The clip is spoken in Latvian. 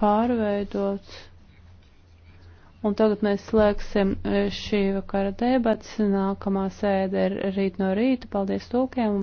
pārveidots. Un tagad mēs slēgsim eh, šī vakara debats. Nākamā sēde ir rīt no rīta. Paldies tūkiem!